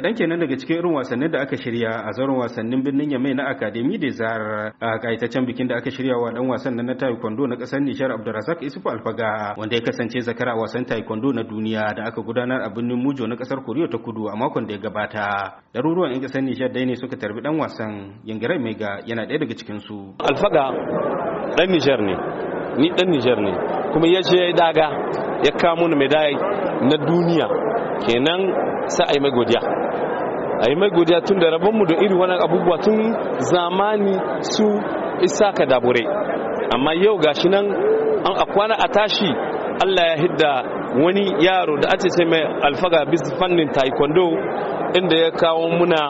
kaɗan kenan daga cikin irin wasannin da aka shirya a zaron wasannin birnin yamai na akademi da zarar a kayataccen bikin da aka shirya wa dan wasan na taekwondo na ƙasar nishar abdulrazak isufu alfaga wanda ya kasance zakara wasan taekwondo na duniya da aka gudanar a birnin mujo na ƙasar koriya ta kudu a makon da ya gabata ɗaruruwan 'yan ƙasar nishar dai ne suka tarbi dan wasan yangare mega yana ɗaya daga cikinsu alfaga ɗan nijar ne ni ɗan nijar ne kuma ya je ya daga ya kawo mana na duniya kenan sai a yi mai godiya a yi mai godiya tun da rabonmu da iri wani abubuwa tun zamani su isa ka dabure amma yau gashi nan an akwana a tashi allah ya hidda wani yaro da ake sai mai alfaga bis fannin taekwondo inda ya kawo muna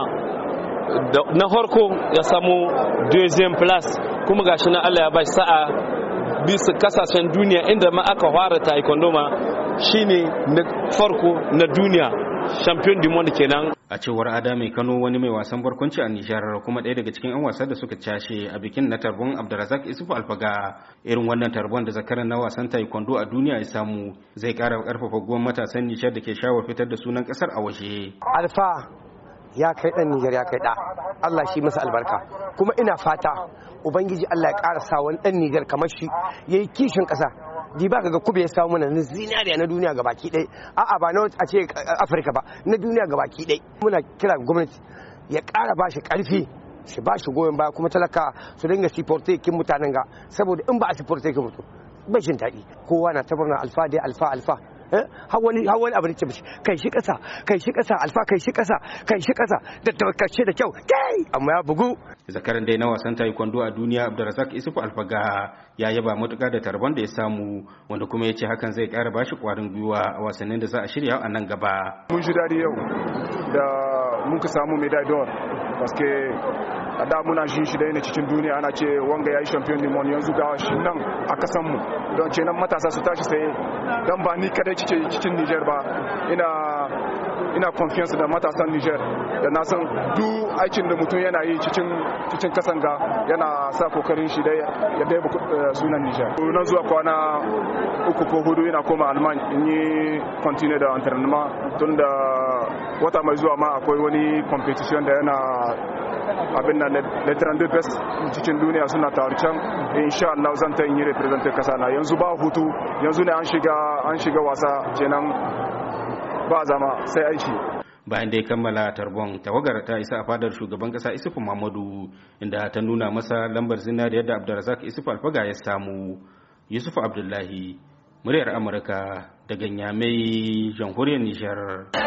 na harko ya samu deuxième plus kuma gashi nan allah ya bashi sa'a bisa kasashen duniya inda ma aka fara taekwondo ma shine na farko na duniya champion du monde kenan a cewar ada kano wani mai wasan barkwanci a nijar kuma ɗaya daga cikin 'yan wasa da suka cashe a bikin na tarbon abdulrazak isufu alfaga irin wannan tarbon da zakaran na wasan taekwondo a duniya ya samu zai ƙara ƙarfafa guwan matasan nijar da ke shawar fitar da sunan ƙasar a waje alfa ya kai ɗan nijar ya kai ɗa allah shi masa albarka kuma ina fata ubangiji allah ya ƙara sa wani ɗan nijar kamar shi ya yi kishin ƙasa di ba ga kube ya samu mana na zinariya na duniya ga baki ɗaya a'a ba na a ce afirka ba na duniya ga baki ɗaya muna kira gwamnati ya ƙara ba shi ƙarfi shi ba shi goyon baya kuma talaka su dinga siporte kin mutanen ga saboda in ba a siporte kin mutum bai jin daɗi kowa na tabarna na alfa dai alfa alfa Eh? har wani har abu kai shi kasa kai shi kasa alfa kai shi kasa kai shi kasa da tabbace da kyau kai amma ya bugu zakaran dai na wasan taekwondo a duniya Abdulrazak Isufu Alfaga ya yaba matuka da tarban da ya samu wanda kuma ya ce hakan zai ƙara bashi kwarin gwiwa a wasannin da za a shirya a nan gaba mun ji dadi yau da muka samu medal d'or paske a da muna shi shi dai ne cikin duniya ana ce wanga yayi champion limon yanzu ga shi nan a kasan mu don ce nan matasa su tashi sai dan ba ni kadai kike cikin Niger ba ina ina confiance da matasan Niger da na san duk aikin da mutum yana yi cikin cikin kasan ga yana sa kokarin shi da ya bai eh, sunan Niger nan zuwa kwana uku ko hudu ina koma Alman in yi continue da entrainement tun da wata mai zuwa ma akwai wani competition da yana abin na letteran de best cikin duniya suna taru can insha Allah zan ta yi representative kasa na yanzu ba hutu yanzu ne an shiga an shiga wasa kenan ba zama sai aiki bayan da ya kammala tarbon tawagar ta isa a fadar shugaban kasa isufu mamadu inda ta nuna masa lambar zinari yadda abdulrazak isufu alfaga ya samu yusuf abdullahi muryar amurka daga nyamai jamhuriyar nishar